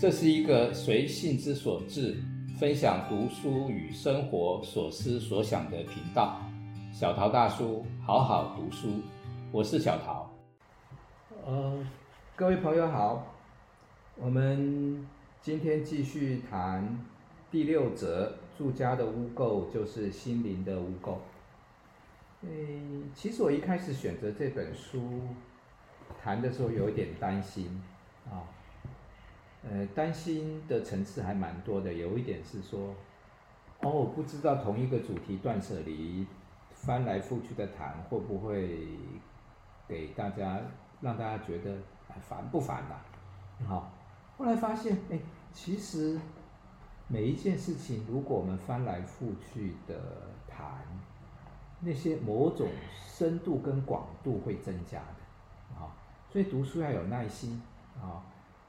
這是一個隨性之所至，分享讀書與生活所思所想的頻道。小陶大叔，好好讀書，我是小陶。呃，各位朋友好，我們今天繼續談第六則：住家的污垢，就是心靈的污垢。嗯，其實我一開始選擇這本書談的時候，有一點擔心啊。呃，擔心的層次還蠻多的。有一點是說，哦，我不知道同一個主題斷捨離，翻來覆去的談，會不會給大家讓大家覺得煩不煩吶、啊？好，後來發現，哎、欸，其實每一件事情，如果我們翻來覆去的談，那些某種深度跟廣度會增加的。好，所以讀書要有耐心啊。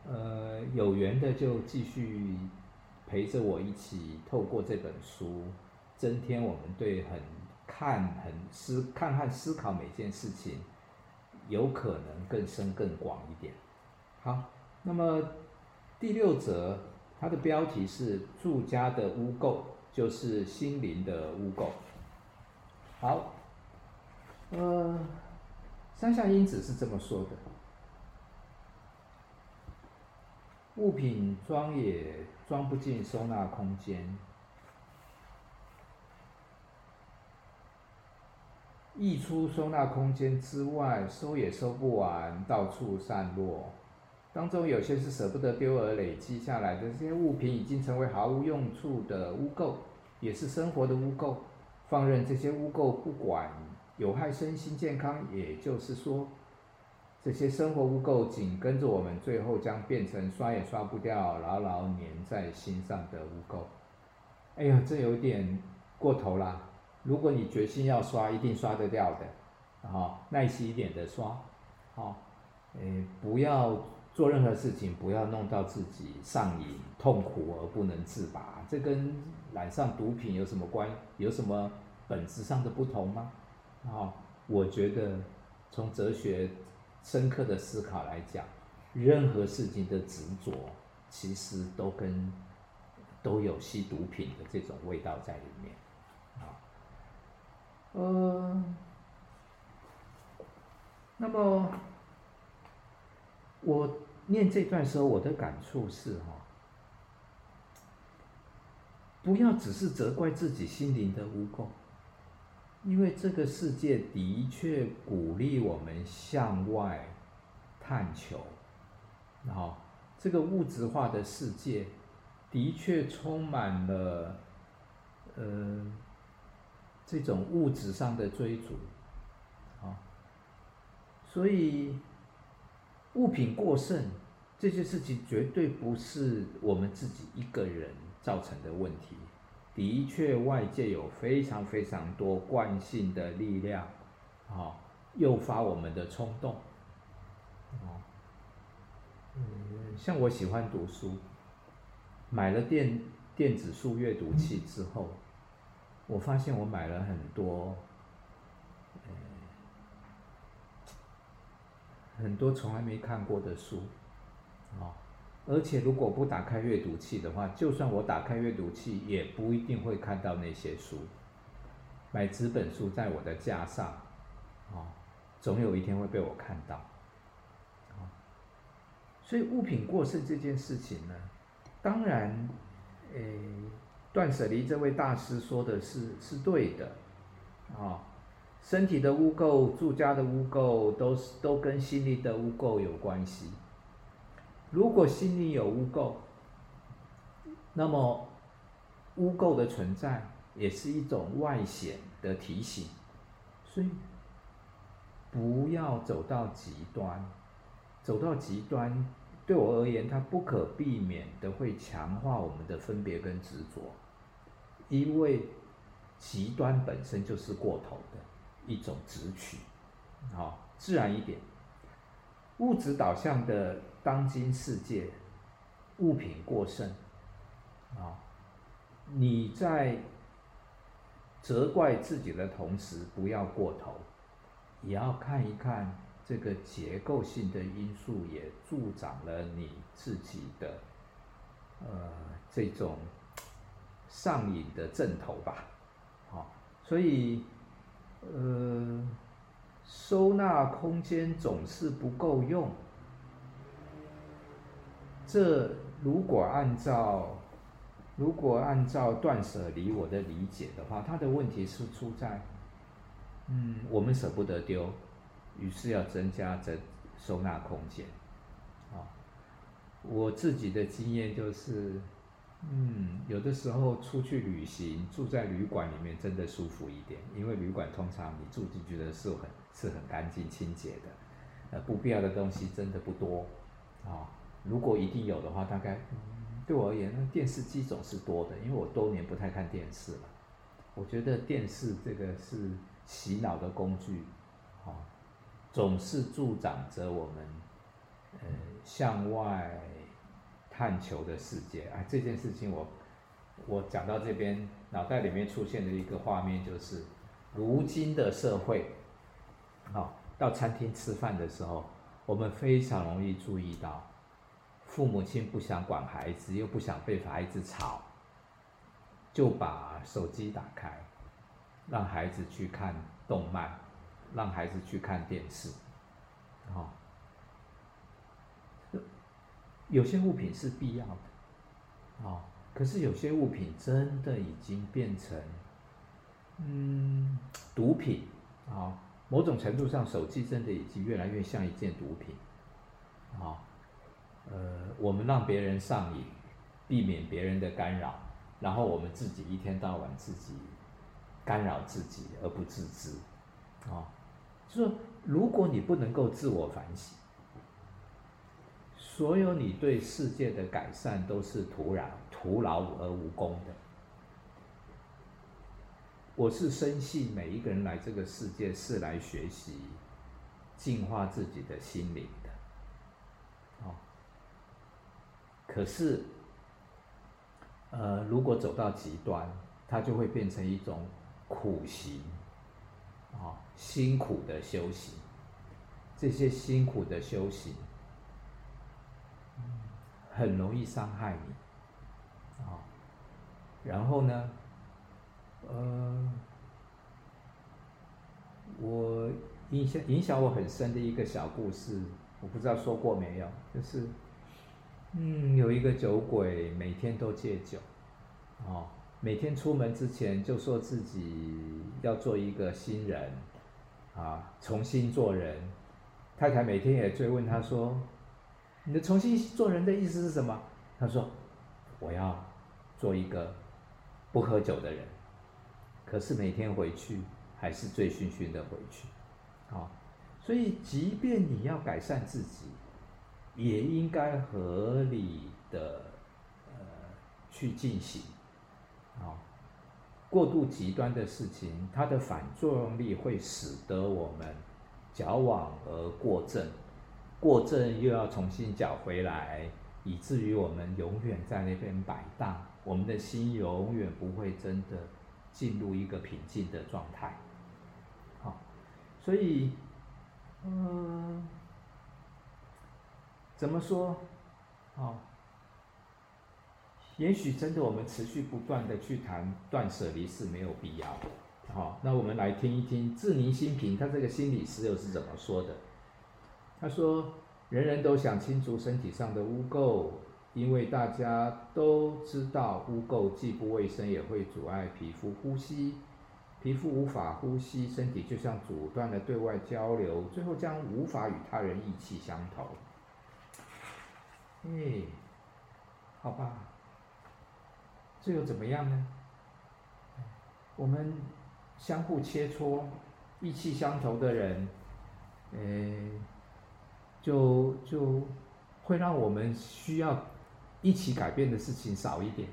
呃，有緣的就繼續陪着我一起，透過這本書，增添我們對很看、很思、看和思考每件事情，有可能更深、更廣一點。好，那麼第六則，它的標題是“住家的污垢”，就是心靈的污垢。好，呃，山下英子是這麼說的。物品裝也裝不進收納空間，溢出收納空間之外，收也收不完，到處散落。當中有些是捨不得丟而累積下來的，這些物品，已經成為毫無用處的污垢，也是生活的污垢。放任這些污垢不管，有害身心健康。也就是說。這些生活污垢緊跟着我們，最後將變成刷也刷不掉、牢牢粘在心上的污垢。哎呦，這有點過頭啦！如果你決心要刷，一定刷得掉的。然、哦、後耐心一點的刷。好、哦，呃、哎，不要做任何事情，不要弄到自己上癮、痛苦而不能自拔。這跟染上毒品有什麽關？有什麽本質上的不同嗎？啊、哦，我覺得從哲學。深刻的思考來講，任何事情的執着，其實都跟都有吸毒品的這種味道在裡面，啊、哦、呃，那麼我念這段時候，我的感觸是哈、哦，不要只是責怪自己心靈的污垢，因為這個世界的確鼓勵我們向外探求，啊，這個物質化的世界的確充滿了，嗯，這種物質上的追逐，啊，所以物品過剩這些事情絕對不是我們自己一個人造成的問題。的確，外界有非常非常多慣性的力量，啊、哦，誘發我們的衝動，啊、哦，嗯，像我喜歡讀書，買了電電子書閱讀器之後，嗯、我發現我買了很多，嗯、很多從來沒看過的書，啊、哦。而且，如果不打開閱讀器的話，就算我打開閱讀器，也不一定會看到那些書。買紙本書在我的架上，啊、哦，總有一天會被我看到。啊、哦，所以物品過剩這件事情呢，當然，誒，斷捨離這位大師說的是是對的。啊、哦，身體的污垢、住家的污垢，都是都跟心理的污垢有關係。如果心裡有污垢，那麼污垢的存在也是一種外顯的提醒，所以不要走到極端。走到極端，對我而言，它不可避免的會強化我們的分別跟執着，因為極端本身就是過頭的一種執取。好，自然一點。物質導向的當今世界，物品過剩，啊，你在責怪自己的同時，不要過頭，也要看一看這個結構性的因素也助長了你自己的呃這種上癮的症頭吧，所以，呃。收納空間總是不夠用，這如果按照，如果按照斷捨離我的理解的話，它的問題是出在，嗯，我們捨不得丟，於是要增加這收納空間。啊，我自己的經驗就是。嗯，有的時候出去旅行，住在旅館裡面真的舒服一點，因為旅館通常你住進去的時候很是很乾淨清潔的，呃，不必要的東西真的不多啊。如果一定有的話，大概對我而言，那電視機總是多的，因為我多年不太看電視了。我覺得電視這個是洗腦的工具，啊，總是助長着我們呃向外。看球的世界啊，這件事情我我講到這邊，腦袋裡面出現的一個畫面就是，如今的社會，啊，到餐廳吃飯的時候，我們非常容易注意到，父母親不想管孩子，又不想被孩子吵，就把手機打開，讓孩子去看動漫，讓孩子去看電視，啊。有些物品是必要的，啊、哦，可是有些物品真的已經變成，嗯，毒品啊、哦，某種程度上，手機真的已經越來越像一件毒品，啊、哦，呃，我們讓別人上癮，避免別人的干擾，然後我們自己一天到晚自己干擾自己而不自知，啊、哦，就說如果你不能夠自我反省。所有你對世界的改善都是徒然，徒勞而無功的。我是深信每一個人來這個世界是來學習淨化自己的心靈的。哦，可是，呃，如果走到極端，它就會變成一種苦行，啊、哦，辛苦的修行，這些辛苦的修行。很容易傷害你，啊、哦，然後呢，呃，我印象影響我很深的一個小故事，我不知道說過沒有，就是，嗯，有一個酒鬼每天都戒酒，哦，每天出門之前就說自己要做一個新人，啊，重新做人，太太每天也追問他說，你的重新做人的意思是什麼？他說：“我要做一個不喝酒的人，可是每天回去還是醉醺醺的回去。”哦啊，所以即便你要改善自己，也應該合理的呃去進行。啊，哦，過度極端的事情，它的反作用力會使得我們矯枉而過正。過陣又要重新攪回來，以至於我們永遠在那邊擺盪，我們的心永遠不會真的進入一個平靜的狀態。好，所以，嗯，怎麼說？好，也許真的我們持續不斷的去談斷舍離是沒有必要的。好，那我們來聽一聽志明心平他這個心理師又是怎麼說的？他說：“人人都想清除身體上的污垢，因為大家都知道，污垢既不衛生，也會阻礙皮膚呼吸。皮膚無法呼吸，身體就像阻斷了對外交流，最後將無法與他人意氣相投。”哎，好吧，這又怎麼樣呢？我們相互切磋，意氣相投的人，哎就就會讓我們需要一起改變的事情少一點。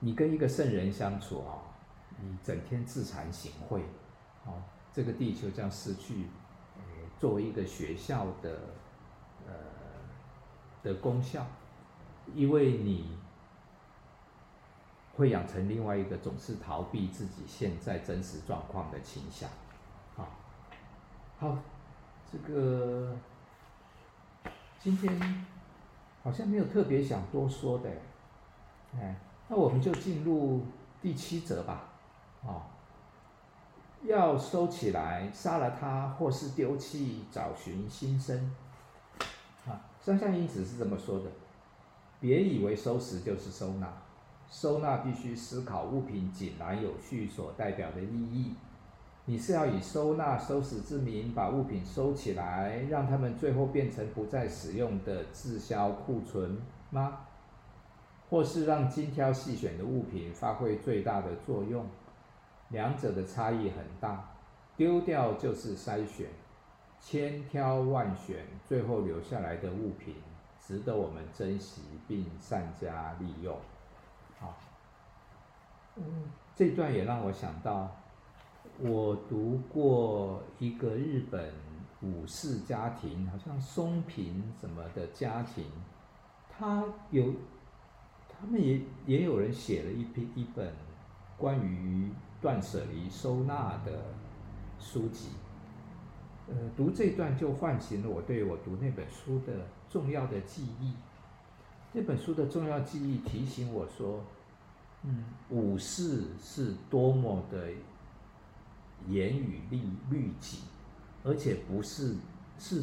你跟一個聖人相處啊、哦，你整天自慚形穢，哦，這個地球將失去作為一個學校的呃的功效，因為你會養成另外一個總是逃避自己現在真實狀況的傾向、哦。好，好，這個。今天好像沒有特別想多說的、欸，哎，那我們就進入第七則吧，啊、哦，要收起來，殺了他，或是丟棄，找尋新生。啊，山下英子是這麼說的：別以為收拾就是收納，收納必須思考物品井然有序所代表的意義。你是要以收納、收拾之名把物品收起來，讓他們最後變成不再使用的滯銷庫存嗎？或是讓精挑細選的物品發揮最大的作用？兩者的差異很大。丟掉就是篩選，千挑萬選，最後留下來的物品值得我們珍惜並善加利用。好，嗯，這段也讓我想到。我讀過一個日本武士家庭，好像松平什麼的家庭，他有，他們也也有人寫了一篇一本關於斷捨離收納的書籍。呃，讀這段就喚醒了我對我讀那本書的重要的記憶。那本書的重要記憶提醒我說，嗯，武士是多麼的。嚴於律律己，而且不是是，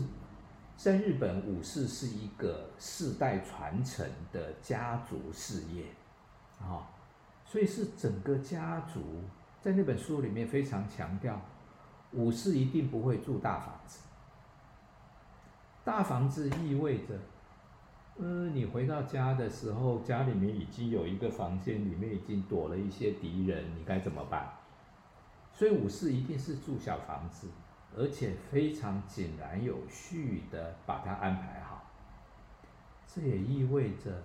在日本武士是一個世代傳承的家族事業，啊、哦，所以是整個家族，在那本書裡面非常強調，武士一定不會住大房子，大房子意味着，嗯、呃，你回到家的時候，家裡面已經有一個房間裡面已經躲了一些敵人，你該怎麼辦？所以武士一定是住小房子，而且非常井然有序的把它安排好。這也意味着，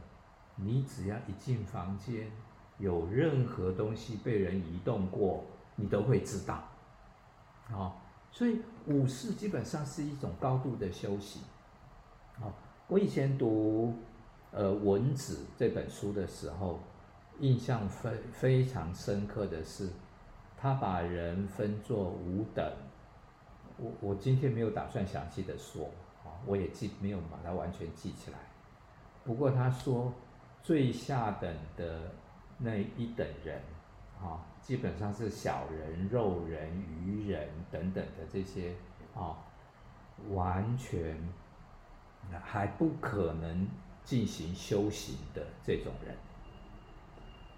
你只要一進房間，有任何東西被人移動過，你都會知道。啊、哦，所以武士基本上是一種高度的修行。啊、哦，我以前讀呃《文字》這本書的時候，印象非非常深刻的是。他把人分作五等，我我今天沒有打算詳細的說啊，我也記沒有把它完全記起來。不過他說最下等的那一等人啊，基本上是小人、肉人、愚人、等等的這些啊，完全還不可能進行修行的這種人。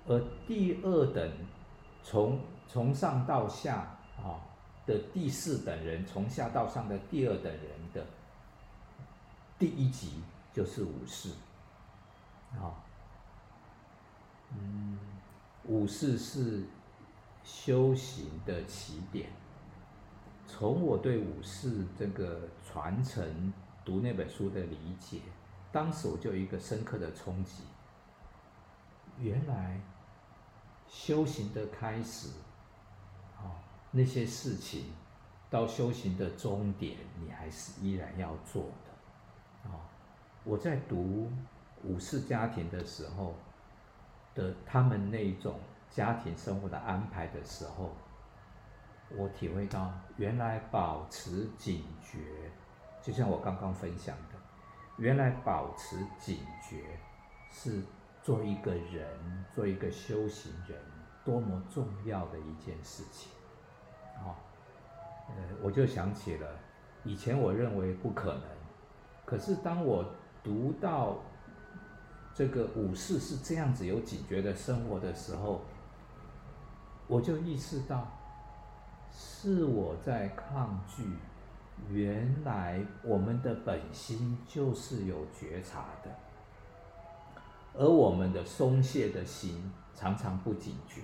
而第二等從從上到下，啊，的第四等人，從下到上的第二等人的第一級就是武士，啊、哦，嗯，武士是修行的起點。從我對武士這個傳承讀那本書的理解，當時我就有一個深刻的衝擊：原來修行的開始。那些事情，到修行的終點，你還是依然要做的啊！我在讀武士家庭的時候的他們那一種家庭生活的安排的時候，我體會到，原來保持警覺，就像我剛剛分享的，原來保持警覺是做一個人、做一個修行人多麼重要的一件事情。哦，呃，我就想起了以前我認為不可能，可是當我讀到這個武士是這樣子有警覺的生活的時候，我就意識到是我在抗拒。原來我們的本心就是有覺察的，而我們的鬆懈的心常常不警覺。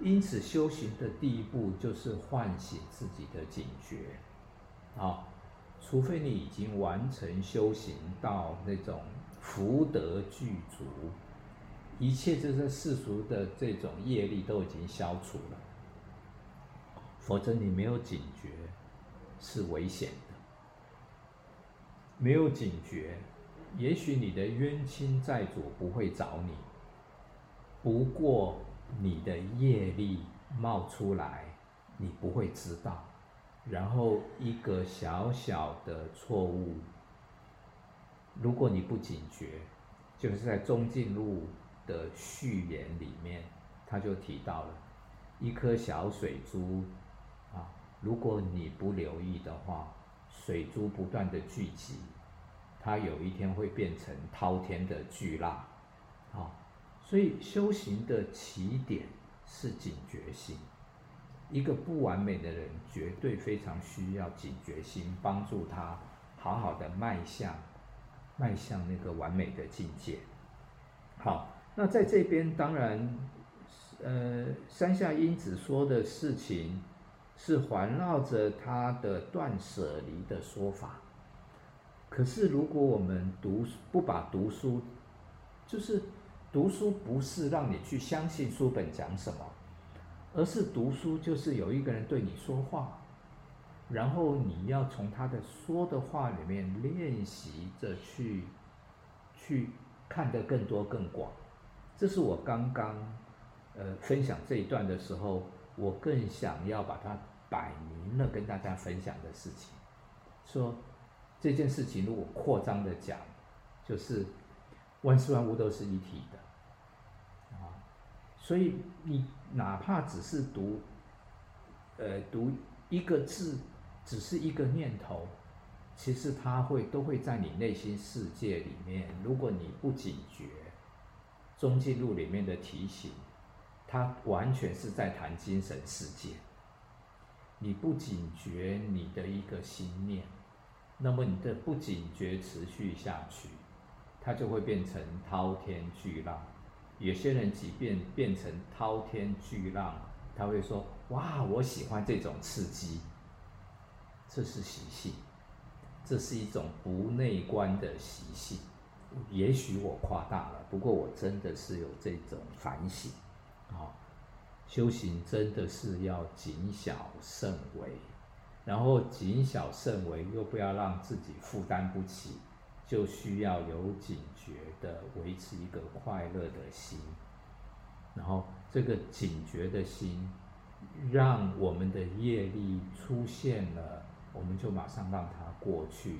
因此，修行的第一步就是喚醒自己的警覺。啊，除非你已經完成修行到那種福德具足，一切就是世俗的這種業力都已經消除了，否則你沒有警覺是危險的。沒有警覺，也許你的冤親債主不會找你，不過，你的業力冒出來，你不會知道。然後一個小小的錯誤，如果你不警覺，就是在《中進路》的序言裡面，他就提到了：一顆小水珠，啊，如果你不留意的話，水珠不斷的聚集，它有一天會變成滔天的巨浪，啊。所以修行的起點是警覺心，一個不完美的人絕對非常需要警覺心幫助他好好的邁向邁向那個完美的境界。好，那在這邊當然，呃，山下英子說的事情是環繞着他的斷舍離的說法。可是如果我們讀不把讀書就是。讀書不是讓你去相信書本講什麼，而是讀書就是有一個人對你說話，然後你要從他的說的話裡面練習着去，去看得更多更廣。這是我剛剛，呃，分享這一段的時候，我更想要把它擺明了跟大家分享的事情。說這件事情，如果擴張的講，就是。萬事萬物都是一體的，啊，所以你哪怕只是讀，呃，讀一個字，只是一個念頭，其實它會都會在你內心世界裡面。如果你不警覺，《中紀錄》裡面的提醒，它完全是在談精神世界。你不警覺你的一個心念，那麼你的不警覺持續下去。他就會變成滔天巨浪，有些人即便變成滔天巨浪，他會說：“哇，我喜歡這種刺激。”這是習性，這是一種不內觀的習性。也許我誇大了，不過我真的是有這種反省。啊、哦，修行真的是要謹小慎微，然後謹小慎微又不要讓自己負擔不起。就需要有警覺的維持一個快樂的心，然後這個警覺的心，讓我們的業力出現了，我們就馬上讓它過去，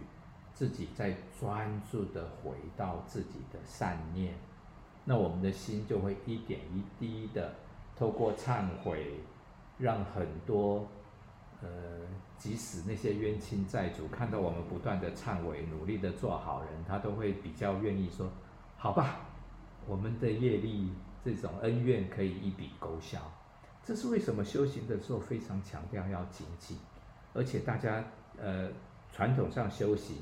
自己再專注的回到自己的善念，那我們的心就會一點一滴的透過懺悔，讓很多。呃，即使那些冤親債主看到我們不斷的懺悔，努力的做好人，他都會比較願意說：“好吧，我們的業力這種恩怨可以一筆勾銷。”這是為什麼修行的時候非常強調要精進，而且大家呃傳統上修行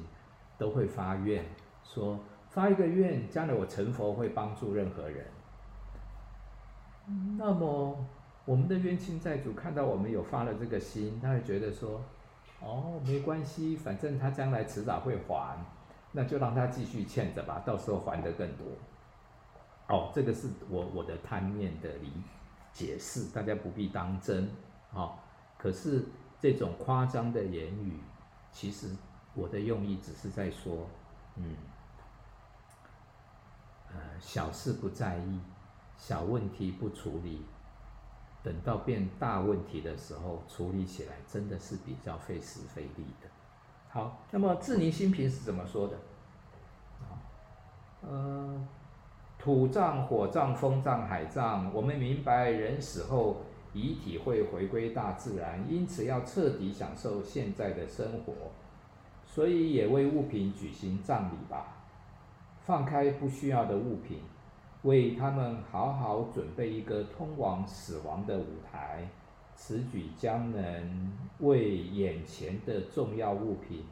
都會發願，說發一個願，將來我成佛會幫助任何人。那麼。我們的冤親債主看到我們有發了這個心，他會覺得說：“哦，沒關係，反正他將來遲早會還，那就讓他繼續欠着吧，到時候還得更多。”哦，這個是我我的貪念的理解釋，大家不必當真啊、哦。可是這種誇張的言語，其實我的用意只是在說，嗯，呃，小事不在意，小問題不處理。等到變大問題的時候，處理起來真的是比較費時費力的。好，那麼智尼新平是怎麼說的？啊，呃，土葬、火葬、風葬、海葬，我們明白人死後遺體會回歸大自然，因此要徹底享受現在的生活，所以也為物品舉行葬禮吧，放開不需要的物品。為他們好好準備一個通往死亡的舞台，此舉將能為眼前的重要物品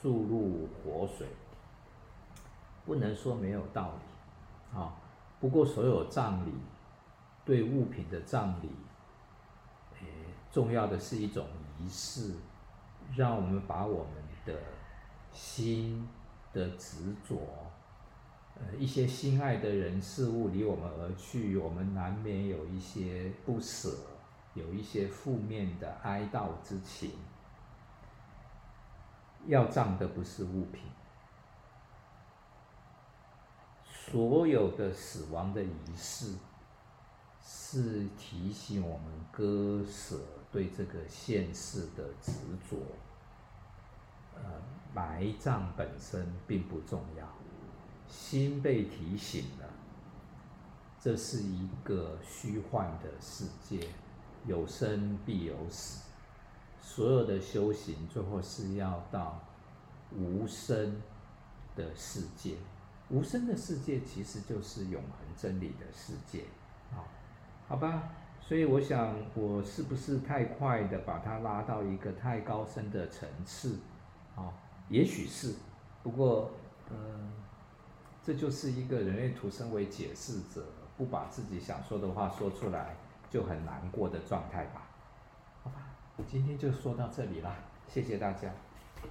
注入活水，不能說沒有道理。啊，不過所有葬禮對物品的葬禮，哎，重要的是一種儀式，讓我們把我們的心的執着。一些心愛的人事物離我們而去，我們難免有一些不捨，有一些負面的哀悼之情。要葬的不是物品，所有的死亡的儀式是提醒我們割捨對這個現世的執着。呃，埋葬本身並不重要。心被提醒了，這是一個虛幻的世界，有生必有死，所有的修行最後是要到無生的世界，無生的世界其實就是永恆真理的世界，啊，好吧，所以我想我是不是太快的把它拉到一個太高深的層次，啊，也許是，不過，嗯、呃。這就是一個人類圖，身為解釋者，不把自己想說的話說出來，就很難過的狀態吧。好吧，我今天就說到這裡了，謝謝大家。